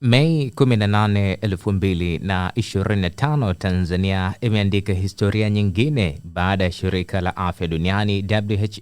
Mei 18, 2025 Tanzania imeandika historia nyingine baada ya shirika la afya duniani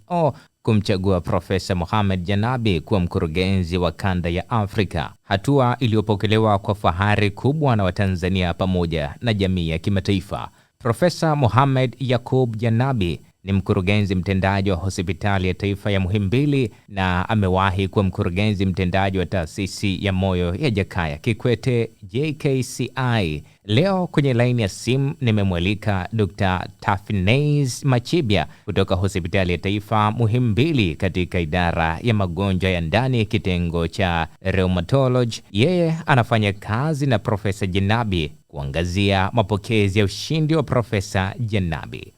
WHO kumchagua Profesa Mohamed Janabi kuwa mkurugenzi wa kanda ya Afrika, hatua iliyopokelewa kwa fahari kubwa na Watanzania pamoja na jamii ya kimataifa. Profesa Mohamed Yakub Janabi ni mkurugenzi mtendaji wa hospitali ya taifa ya Muhimbili na amewahi kuwa mkurugenzi mtendaji wa taasisi ya moyo ya Jakaya Kikwete JKCI. Leo kwenye laini ya simu nimemwalika Dr. Tafines Machibya kutoka hospitali ya taifa Muhimbili katika idara ya magonjwa ya ndani kitengo cha rheumatology. Yeye anafanya kazi na Profesa jenabi kuangazia mapokezi ya ushindi wa Profesa jenabi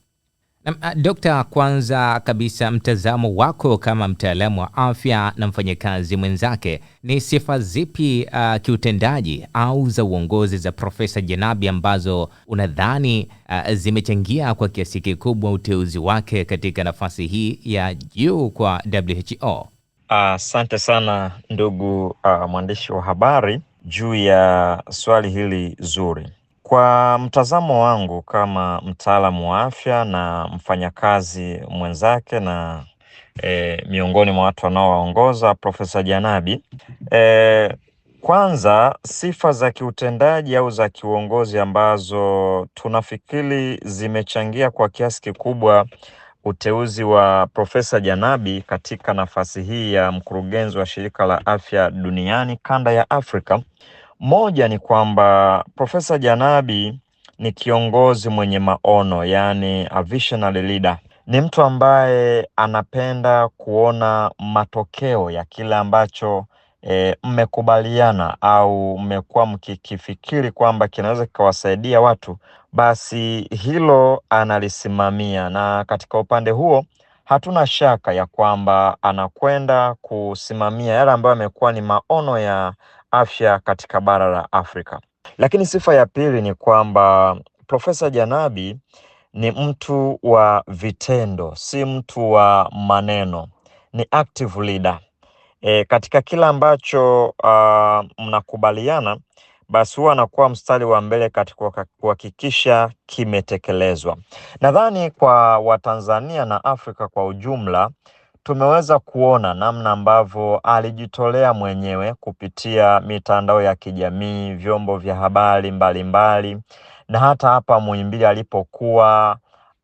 Ah, dokta, kwanza kabisa, mtazamo wako kama mtaalamu wa afya na mfanyakazi mwenzake, ni sifa zipi uh, kiutendaji au za uongozi za Profesa Janabi ambazo unadhani uh, zimechangia kwa kiasi kikubwa uteuzi wake katika nafasi hii ya juu kwa WHO? Asante uh, sana ndugu uh, mwandishi wa habari juu ya swali hili zuri. Kwa mtazamo wangu kama mtaalamu wa afya na mfanyakazi mwenzake na e, miongoni mwa watu wanaowaongoza Profesa Janabi, e, kwanza sifa za kiutendaji au za kiuongozi ambazo tunafikiri zimechangia kwa kiasi kikubwa uteuzi wa Profesa Janabi katika nafasi hii ya mkurugenzi wa Shirika la Afya Duniani kanda ya Afrika. Moja ni kwamba Profesa Janabi ni kiongozi mwenye maono, yaani a visionary leader. Ni mtu ambaye anapenda kuona matokeo ya kile ambacho e, mmekubaliana au mmekuwa mkikifikiri kwamba kinaweza kikawasaidia watu, basi hilo analisimamia, na katika upande huo hatuna shaka ya kwamba anakwenda kusimamia yale ambayo amekuwa ni maono ya afya katika bara la Afrika. Lakini sifa ya pili ni kwamba Profesa Janabi ni mtu wa vitendo, si mtu wa maneno, ni active leader. E, katika kila ambacho uh, mnakubaliana basi huwa anakuwa mstari wa mbele katika kuhakikisha kimetekelezwa. Nadhani kwa Watanzania na Afrika kwa ujumla tumeweza kuona namna ambavyo alijitolea mwenyewe kupitia mitandao ya kijamii, vyombo vya habari mbalimbali, na hata hapa Muhimbili alipokuwa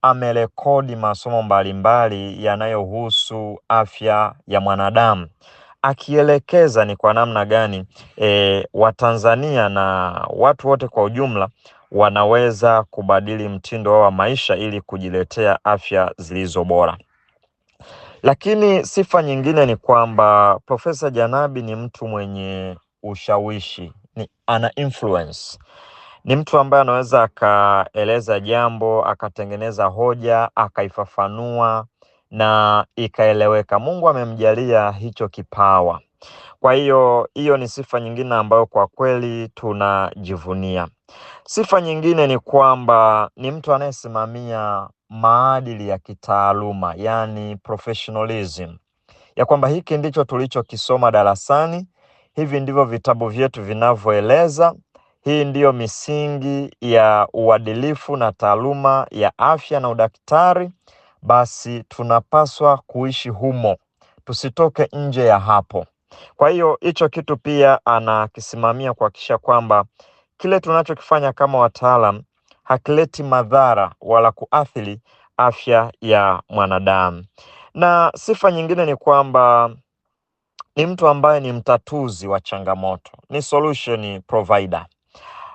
amerekodi masomo mbalimbali yanayohusu afya ya mwanadamu akielekeza ni kwa namna gani e, Watanzania na watu wote kwa ujumla wanaweza kubadili mtindo wao wa maisha ili kujiletea afya zilizo bora. Lakini sifa nyingine ni kwamba Profesa Janabi ni mtu mwenye ushawishi, ni ana influence, ni mtu ambaye anaweza akaeleza jambo akatengeneza hoja akaifafanua na ikaeleweka. Mungu amemjalia hicho kipawa. Kwa hiyo hiyo ni sifa nyingine ambayo kwa kweli tunajivunia. Sifa nyingine ni kwamba ni mtu anayesimamia maadili ya kitaaluma, yani professionalism, ya kwamba hiki ndicho tulichokisoma darasani, hivi ndivyo vitabu vyetu vinavyoeleza, hii ndiyo misingi ya uadilifu na taaluma ya afya na udaktari, basi tunapaswa kuishi humo, tusitoke nje ya hapo. Kwa hiyo hicho kitu pia anakisimamia kuhakikisha kwamba kile tunachokifanya kama wataalam hakileti madhara wala kuathiri afya ya mwanadamu. Na sifa nyingine ni kwamba ni mtu ambaye ni mtatuzi wa changamoto, ni solution provider.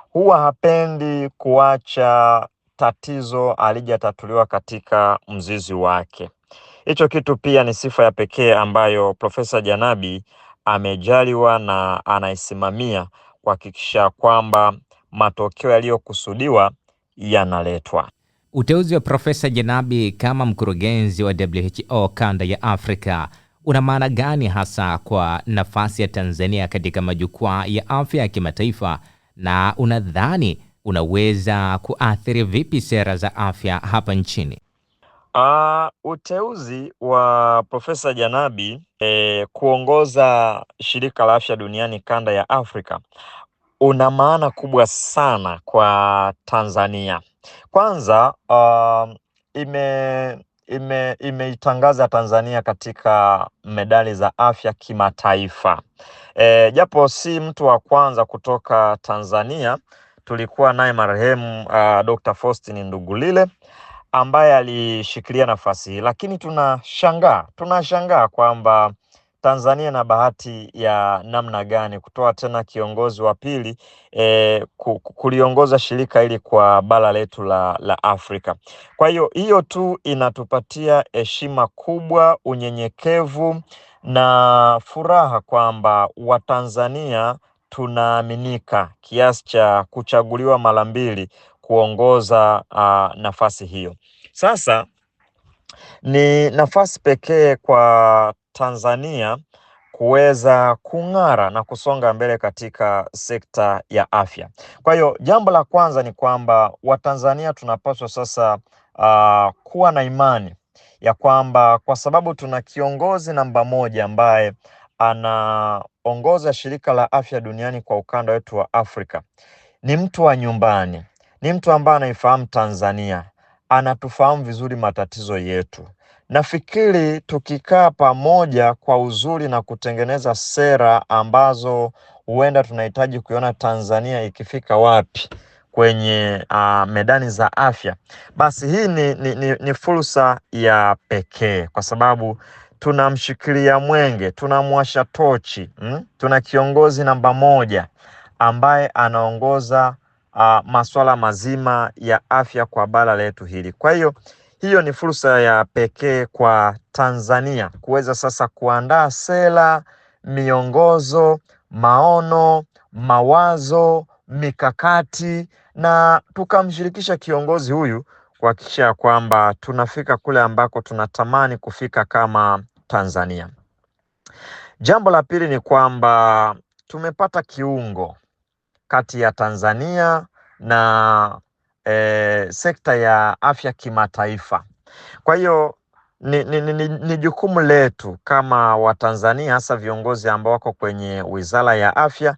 Huwa hapendi kuacha tatizo alijatatuliwa katika mzizi wake. Hicho kitu pia ni sifa ya pekee ambayo Profesa Janabi amejaliwa na anaisimamia kuhakikisha kwamba matokeo yaliyokusudiwa yanaletwa. Uteuzi wa Profesa Janabi kama mkurugenzi wa WHO kanda ya Afrika una maana gani hasa kwa nafasi ya Tanzania katika majukwaa ya afya ya kimataifa, na unadhani unaweza kuathiri vipi sera za afya hapa nchini? Uh, uteuzi wa Profesa Janabi eh, kuongoza shirika la afya duniani kanda ya Afrika una maana kubwa sana kwa Tanzania. Kwanza uh, ime ime imeitangaza Tanzania katika medali za afya kimataifa. E, japo si mtu wa kwanza kutoka Tanzania, tulikuwa naye marehemu uh, Dr. Faustin Ndugulile ambaye alishikilia nafasi hii, lakini tunashangaa tunashangaa kwamba Tanzania na bahati ya namna gani kutoa tena kiongozi wa pili e, kuliongoza shirika hili kwa bara letu la, la Afrika. Kwa hiyo hiyo tu inatupatia heshima kubwa, unyenyekevu na furaha kwamba Watanzania tunaaminika kiasi cha kuchaguliwa mara mbili kuongoza a, nafasi hiyo. Sasa ni nafasi pekee kwa Tanzania kuweza kung'ara na kusonga mbele katika sekta ya afya. Kwa hiyo jambo la kwanza ni kwamba Watanzania tunapaswa sasa uh, kuwa na imani ya kwamba kwa sababu tuna kiongozi namba moja ambaye anaongoza shirika la afya duniani kwa ukanda wetu wa Afrika, ni mtu wa nyumbani, ni mtu ambaye anaifahamu Tanzania, anatufahamu vizuri matatizo yetu. Nafikiri tukikaa pamoja kwa uzuri na kutengeneza sera ambazo huenda tunahitaji kuiona Tanzania ikifika wapi kwenye uh, medani za afya, basi hii ni, ni, ni, ni fursa ya pekee kwa sababu tunamshikilia mwenge, tunamwasha tochi mm? Tuna kiongozi namba moja ambaye anaongoza uh, masuala mazima ya afya kwa bara letu hili, kwa hiyo hiyo ni fursa ya pekee kwa Tanzania kuweza sasa kuandaa sera, miongozo, maono, mawazo, mikakati na tukamshirikisha kiongozi huyu kuhakikisha ya kwamba tunafika kule ambako tunatamani kufika kama Tanzania. Jambo la pili ni kwamba tumepata kiungo kati ya Tanzania na e, sekta ya afya kimataifa. Kwa hiyo ni, ni, ni, ni jukumu letu kama Watanzania hasa viongozi ambao wako kwenye Wizara ya Afya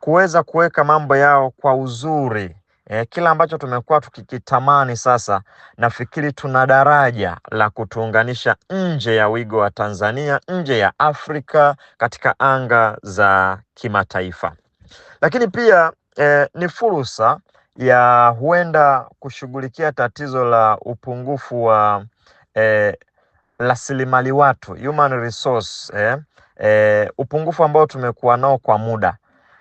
kuweza kuweka mambo yao kwa uzuri. E, kila ambacho tumekuwa tukikitamani sasa, nafikiri tuna daraja la kutuunganisha nje ya wigo wa Tanzania, nje ya Afrika, katika anga za kimataifa. Lakini pia e, ni fursa ya huenda kushughulikia tatizo la upungufu wa eh, rasilimali watu human resource eh, eh, upungufu ambao tumekuwa nao kwa muda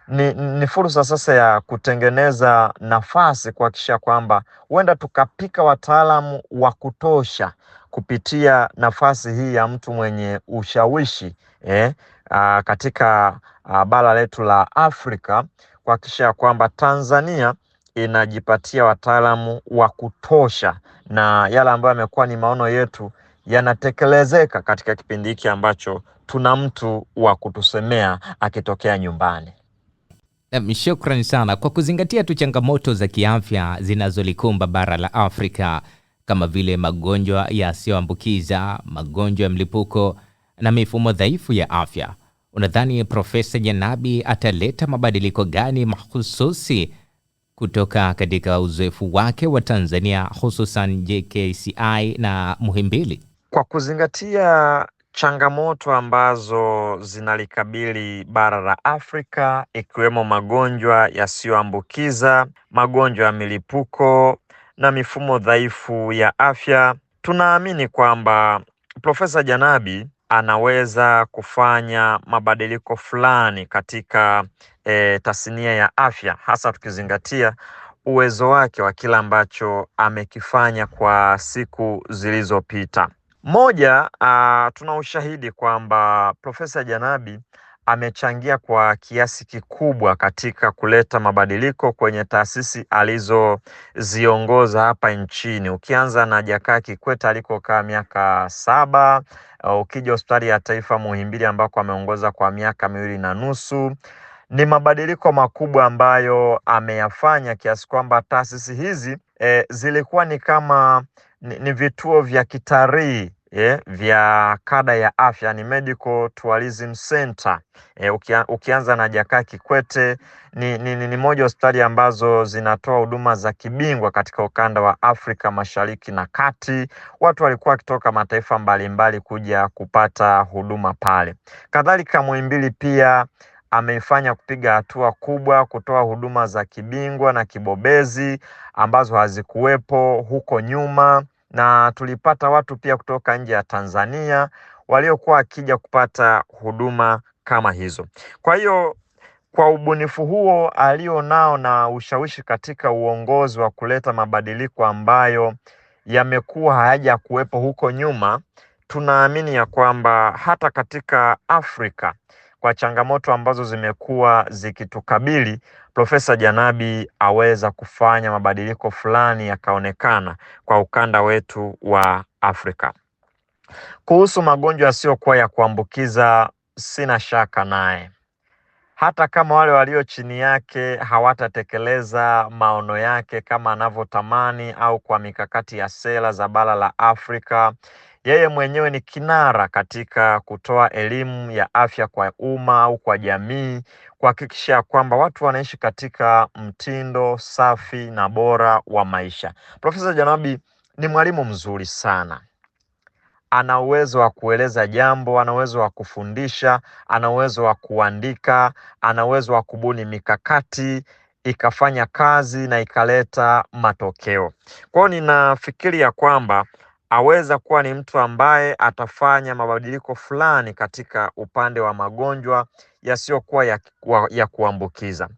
ni, ni fursa sasa ya kutengeneza nafasi kuhakikisha kwamba huenda tukapika wataalamu wa kutosha kupitia nafasi hii ya mtu mwenye ushawishi eh, a, katika a, bara letu la Afrika kuhakikisha kwamba Tanzania inajipatia wataalamu wa kutosha, na yale ambayo yamekuwa ni maono yetu yanatekelezeka katika kipindi hiki ambacho tuna mtu wa kutusemea akitokea nyumbani. Shukrani sana kwa kuzingatia tu changamoto za kiafya zinazolikumba bara la Afrika kama vile magonjwa yasiyoambukiza, magonjwa ya mlipuko na mifumo dhaifu ya afya. Unadhani Profesa Janabi ataleta mabadiliko gani mahususi kutoka katika uzoefu wake wa Tanzania hususan JKCI na Muhimbili, kwa kuzingatia changamoto ambazo zinalikabili bara la Afrika ikiwemo magonjwa yasiyoambukiza, magonjwa ya milipuko na mifumo dhaifu ya afya. Tunaamini kwamba Profesa Janabi anaweza kufanya mabadiliko fulani katika e, tasnia ya afya, hasa tukizingatia uwezo wake wa kila ambacho amekifanya kwa siku zilizopita. Moja, uh, tuna ushahidi kwamba Profesa Janabi amechangia kwa kiasi kikubwa katika kuleta mabadiliko kwenye taasisi alizoziongoza hapa nchini, ukianza na Jakaya Kikwete alikokaa miaka saba, ukija hospitali ya taifa Muhimbili ambako ameongoza kwa miaka miwili na nusu ni mabadiliko makubwa ambayo ameyafanya kiasi kwamba taasisi hizi e, zilikuwa ni kama ni, ni vituo vya kitalii e, vya kada ya afya ni Medical Tourism Center. E, ukia, ukianza na Jakaya Kikwete ni, ni, ni, ni moja hospitali ambazo zinatoa huduma za kibingwa katika ukanda wa Afrika Mashariki na Kati. Watu walikuwa wakitoka mataifa mbalimbali kuja kupata huduma pale. Kadhalika Muhimbili pia ameifanya kupiga hatua kubwa kutoa huduma za kibingwa na kibobezi ambazo hazikuwepo huko nyuma, na tulipata watu pia kutoka nje ya Tanzania waliokuwa wakija kupata huduma kama hizo. Kwa hiyo kwa ubunifu huo alionao na ushawishi katika uongozi wa kuleta mabadiliko ambayo yamekuwa hayaja kuwepo huko nyuma, tunaamini ya kwamba hata katika Afrika kwa changamoto ambazo zimekuwa zikitukabili, Profesa Janabi aweza kufanya mabadiliko fulani yakaonekana kwa ukanda wetu wa Afrika. Kuhusu magonjwa yasiyokuwa ya kuambukiza, sina shaka naye hata kama wale walio chini yake hawatatekeleza maono yake kama anavyotamani au kwa mikakati ya sera za bara la Afrika yeye mwenyewe ni kinara katika kutoa elimu ya afya kwa umma au kwa jamii, kuhakikisha kwamba watu wanaishi katika mtindo safi na bora wa maisha. Profesa Janabi ni mwalimu mzuri sana ana uwezo wa kueleza jambo, ana uwezo wa kufundisha, ana uwezo wa kuandika, ana uwezo wa kubuni mikakati ikafanya kazi na ikaleta matokeo. Kwa hiyo ninafikiri ya kwamba aweza kuwa ni mtu ambaye atafanya mabadiliko fulani katika upande wa magonjwa yasiyokuwa ya, ya kuambukiza.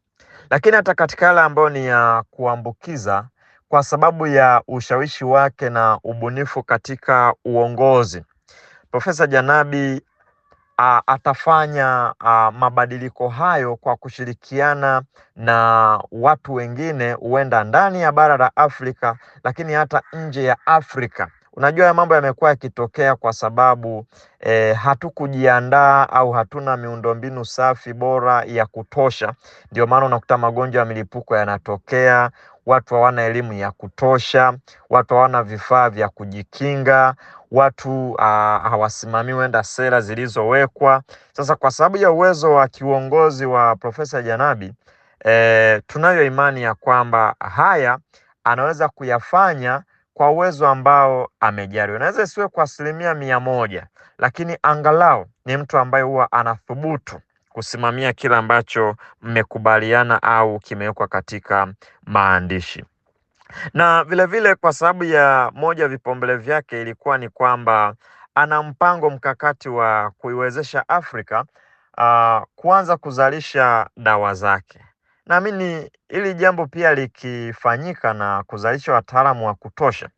Lakini hata katika yale ambayo ni ya kuambukiza, kwa sababu ya ushawishi wake na ubunifu katika uongozi, Profesa Janabi a, atafanya a, mabadiliko hayo kwa kushirikiana na watu wengine, huenda ndani ya bara la Afrika, lakini hata nje ya Afrika Unajua ya mambo yamekuwa yakitokea kwa sababu e, hatukujiandaa au hatuna miundombinu safi bora ya kutosha. Ndio maana unakuta magonjwa ya milipuko yanatokea. Watu hawana elimu ya kutosha, watu hawana vifaa vya kujikinga, watu ah, hawasimamii enda sera zilizowekwa. Sasa kwa sababu ya uwezo wa kiuongozi wa Profesa Janabi e, tunayo imani ya kwamba haya anaweza kuyafanya kwa uwezo ambao amejaliwa. Naweza isiwe kwa asilimia mia moja, lakini angalau ni mtu ambaye huwa anathubutu kusimamia kile ambacho mmekubaliana au kimewekwa katika maandishi. Na vilevile vile kwa sababu ya moja vipaumbele vyake ilikuwa ni kwamba ana mpango mkakati wa kuiwezesha Afrika uh, kuanza kuzalisha dawa zake. Naamini hili jambo pia likifanyika na kuzalisha wataalamu wa kutosha,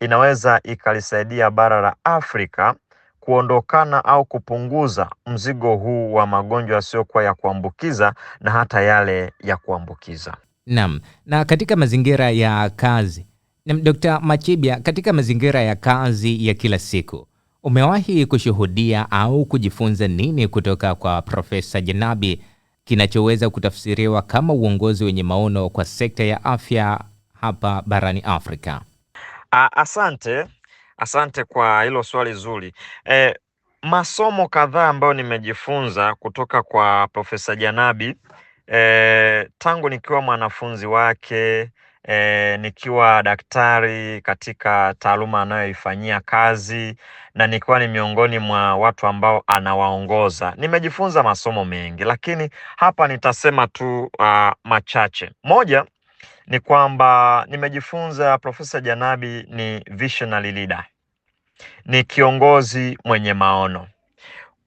inaweza ikalisaidia bara la Afrika kuondokana au kupunguza mzigo huu wa magonjwa yasiyokuwa ya kuambukiza na hata yale ya kuambukiza. Naam, na katika mazingira ya kazi Dkt. Machibya, katika mazingira ya kazi ya kila siku umewahi kushuhudia au kujifunza nini kutoka kwa Profesa Janabi kinachoweza kutafsiriwa kama uongozi wenye maono kwa sekta ya afya hapa barani Afrika? Asante, asante kwa hilo swali zuri. E, masomo kadhaa ambayo nimejifunza kutoka kwa Profesa Janabi e, tangu nikiwa mwanafunzi wake e, nikiwa daktari katika taaluma anayoifanyia kazi na nikiwa ni miongoni mwa watu ambao anawaongoza. Nimejifunza masomo mengi, lakini hapa nitasema tu uh, machache. Moja ni kwamba nimejifunza Profesa Janabi ni visionary leader, ni kiongozi mwenye maono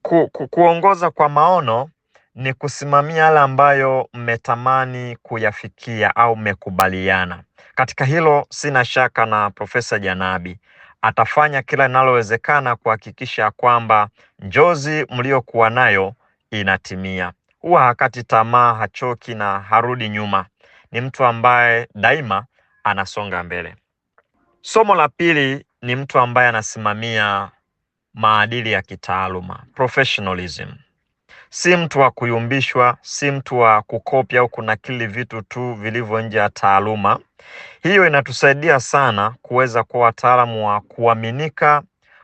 ku, ku, kuongoza kwa maono ni kusimamia yale ambayo mmetamani kuyafikia au mmekubaliana. Katika hilo sina shaka na Profesa Janabi atafanya kila linalowezekana kuhakikisha kwamba njozi mliokuwa nayo inatimia. Huwa hakati tamaa, hachoki na harudi nyuma. Ni mtu ambaye daima anasonga mbele. Somo la pili ni mtu ambaye anasimamia maadili ya kitaaluma, professionalism si mtu wa kuyumbishwa, si mtu wa kukopya au kunakili vitu tu vilivyo nje ya taaluma. Hiyo inatusaidia sana kuweza kuwa wataalamu wa kuaminika,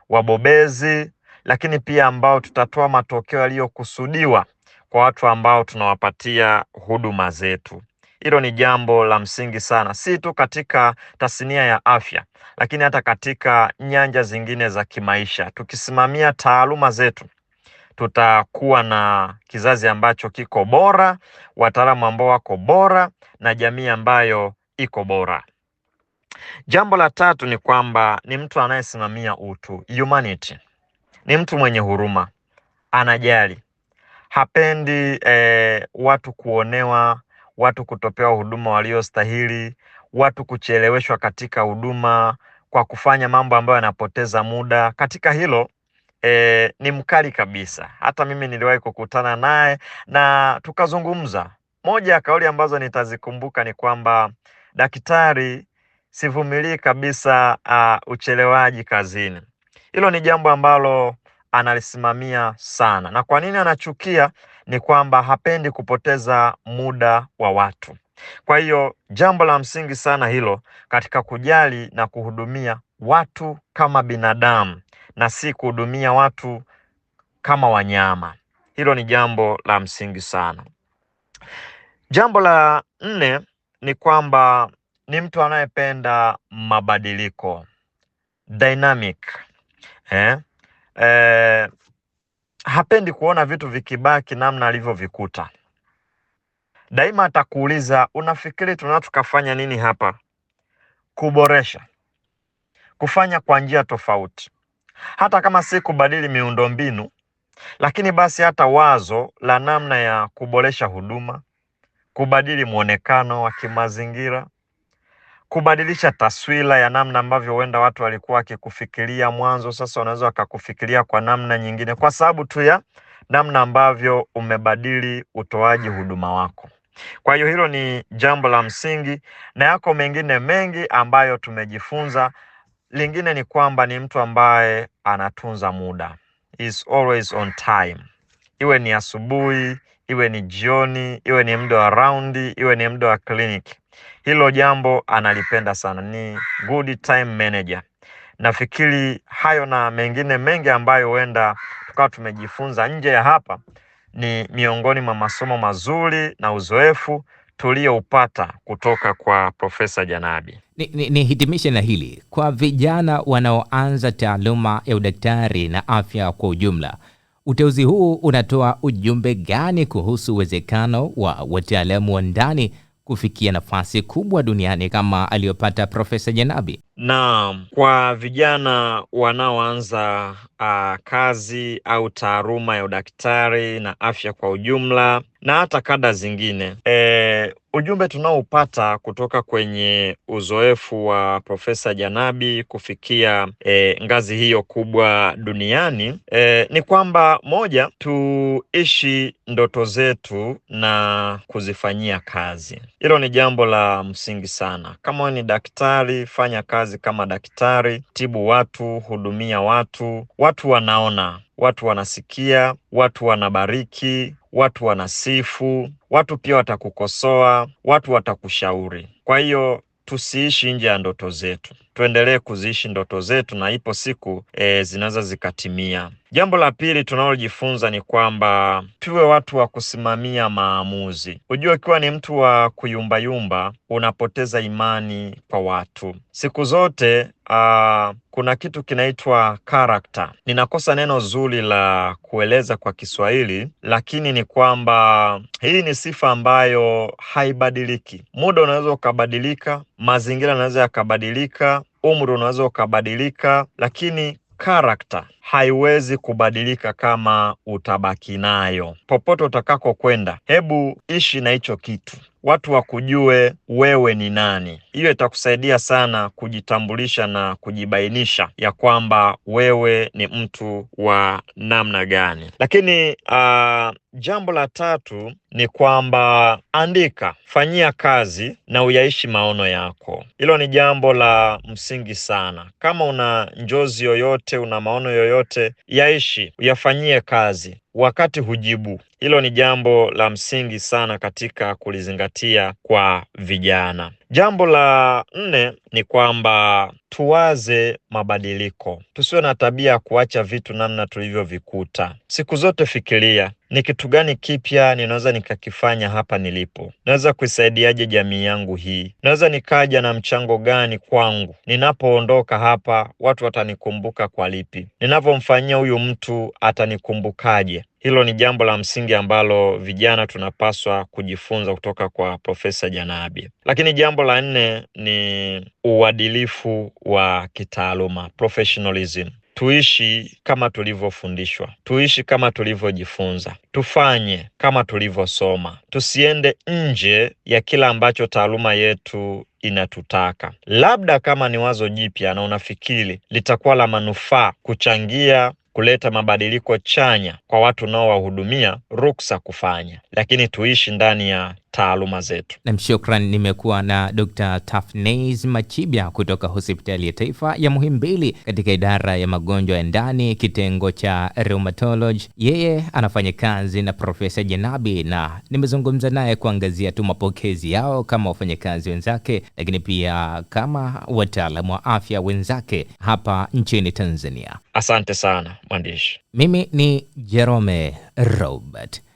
wabobezi, lakini pia ambao tutatoa matokeo yaliyokusudiwa kwa watu ambao tunawapatia huduma zetu. Hilo ni jambo la msingi sana, si tu katika tasnia ya afya, lakini hata katika nyanja zingine za kimaisha. Tukisimamia taaluma zetu tutakuwa na kizazi ambacho kiko bora, wataalamu ambao wako bora na jamii ambayo iko bora. Jambo la tatu ni kwamba ni mtu anayesimamia utu, humanity. Ni mtu mwenye huruma, anajali, hapendi eh, watu kuonewa, watu kutopewa huduma waliostahili, watu kucheleweshwa katika huduma kwa kufanya mambo ambayo yanapoteza muda. Katika hilo e, ni mkali kabisa. Hata mimi niliwahi kukutana naye na tukazungumza. Moja ya kauli ambazo nitazikumbuka ni kwamba daktari, sivumilii kabisa uh, uchelewaji kazini. Hilo ni jambo ambalo analisimamia sana, na kwa nini anachukia ni kwamba hapendi kupoteza muda wa watu. Kwa hiyo jambo la msingi sana hilo katika kujali na kuhudumia watu kama binadamu na si kuhudumia watu kama wanyama. Hilo ni jambo la msingi sana. Jambo la nne ni kwamba ni mtu anayependa mabadiliko dynamic, eh? Eh, hapendi kuona vitu vikibaki namna alivyovikuta. Daima atakuuliza unafikiri tunaweza tukafanya nini hapa, kuboresha, kufanya kwa njia tofauti hata kama si kubadili miundombinu, lakini basi hata wazo la namna ya kuboresha huduma, kubadili mwonekano wa kimazingira, kubadilisha taswira ya namna ambavyo huenda watu walikuwa wakikufikiria mwanzo, sasa wanaweza wakakufikiria kwa namna nyingine, kwa sababu tu ya namna ambavyo umebadili utoaji huduma wako. Kwa hiyo hilo ni jambo la msingi, na yako mengine mengi ambayo tumejifunza Lingine ni kwamba ni mtu ambaye anatunza muda, is always on time, iwe ni asubuhi, iwe ni jioni, iwe ni muda wa raundi, iwe ni muda wa kliniki. Hilo jambo analipenda sana, ni good time manager. Nafikiri hayo na mengine mengi ambayo huenda tukawa tumejifunza nje ya hapa ni miongoni mwa masomo mazuri na uzoefu tuliyoupata kutoka kwa Profesa Janabi. Nihitimishe ni, ni na hili kwa vijana wanaoanza taaluma ya udaktari na afya kwa ujumla, uteuzi huu unatoa ujumbe gani kuhusu uwezekano wa wataalamu wa ndani kufikia nafasi kubwa duniani kama aliyopata Profesa Janabi? Naam, kwa vijana wanaoanza uh, kazi au taaluma ya udaktari na afya kwa ujumla na hata kada zingine. E, ujumbe tunaoupata kutoka kwenye uzoefu wa Profesa Janabi kufikia e, ngazi hiyo kubwa duniani e, ni kwamba moja, tuishi ndoto zetu na kuzifanyia kazi. Hilo ni jambo la msingi sana. Kama ni daktari, fanya kazi kama daktari, tibu watu, hudumia watu. Watu wanaona, watu wanasikia, watu wanabariki watu wanasifu, watu pia watakukosoa, watu watakushauri. Kwa hiyo tusiishi nje ya ndoto zetu, tuendelee kuziishi ndoto zetu, na ipo siku e, eh, zinaweza zikatimia. Jambo la pili tunalojifunza ni kwamba tuwe watu wa kusimamia maamuzi. Ujue, ukiwa ni mtu wa kuyumbayumba, unapoteza imani kwa watu siku zote. Uh, kuna kitu kinaitwa character. Ninakosa neno zuri la kueleza kwa Kiswahili, lakini ni kwamba hii ni sifa ambayo haibadiliki. Muda unaweza ukabadilika, mazingira yanaweza yakabadilika, umri unaweza ukabadilika, lakini character haiwezi kubadilika kama utabaki nayo. Popote utakako kwenda, hebu ishi na hicho kitu, watu wakujue wewe ni nani. Hiyo itakusaidia sana kujitambulisha na kujibainisha ya kwamba wewe ni mtu wa namna gani. Lakini uh, Jambo la tatu ni kwamba andika, fanyia kazi na uyaishi maono yako. Hilo ni jambo la msingi sana. Kama una njozi yoyote, una maono yoyote, yaishi, uyafanyie kazi wakati hujibu. Hilo ni jambo la msingi sana katika kulizingatia kwa vijana. Jambo la nne ni kwamba tuwaze mabadiliko, tusiwe na tabia ya kuacha vitu namna tulivyovikuta. Siku zote fikiria ni kitu gani kipya ninaweza nikakifanya hapa nilipo? Naweza kuisaidiaje jamii yangu hii? Naweza nikaja na mchango gani kwangu? Ninapoondoka hapa, watu watanikumbuka kwa lipi? Ninavyomfanyia huyu mtu atanikumbukaje? Hilo ni jambo la msingi ambalo vijana tunapaswa kujifunza kutoka kwa Profesa Janabi. Lakini jambo la nne ni uadilifu wa kitaaluma, professionalism tuishi kama tulivyofundishwa, tuishi kama tulivyojifunza, tufanye kama tulivyosoma, tusiende nje ya kila ambacho taaluma yetu inatutaka. Labda kama ni wazo jipya na unafikiri litakuwa la manufaa kuchangia kuleta mabadiliko chanya kwa watu unaowahudumia, ruksa kufanya, lakini tuishi ndani ya taaluma zetu. Nam, shukran. Nimekuwa na Dr. Tafnes Machibya kutoka hospitali ya taifa ya Muhimbili katika idara ya magonjwa ya ndani kitengo cha rheumatology. Yeye anafanya kazi na Profesa Janabi na nimezungumza naye kuangazia tu mapokezi yao kama wafanyakazi wenzake, lakini pia kama wataalamu wa afya wenzake hapa nchini Tanzania. Asante sana mwandishi. Mimi ni Jerome Robert.